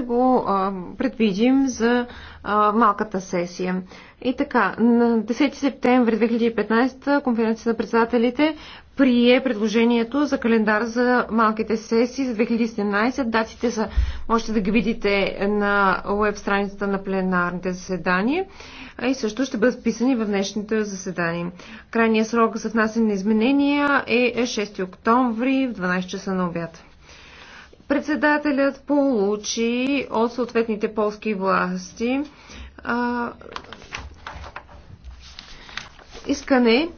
ще го а, предвидим за а, малката сесия. И така, на 10 септември 2015 конференция на председателите прие предложението за календар за малките сесии за 2017. Датите са, можете да ги видите на веб страницата на пленарните заседания и също ще бъдат вписани в днешните заседания. Крайният срок за внасяне на изменения е 6 октомври в 12 часа на обяд. Председателят получи от съответните полски власти а, искане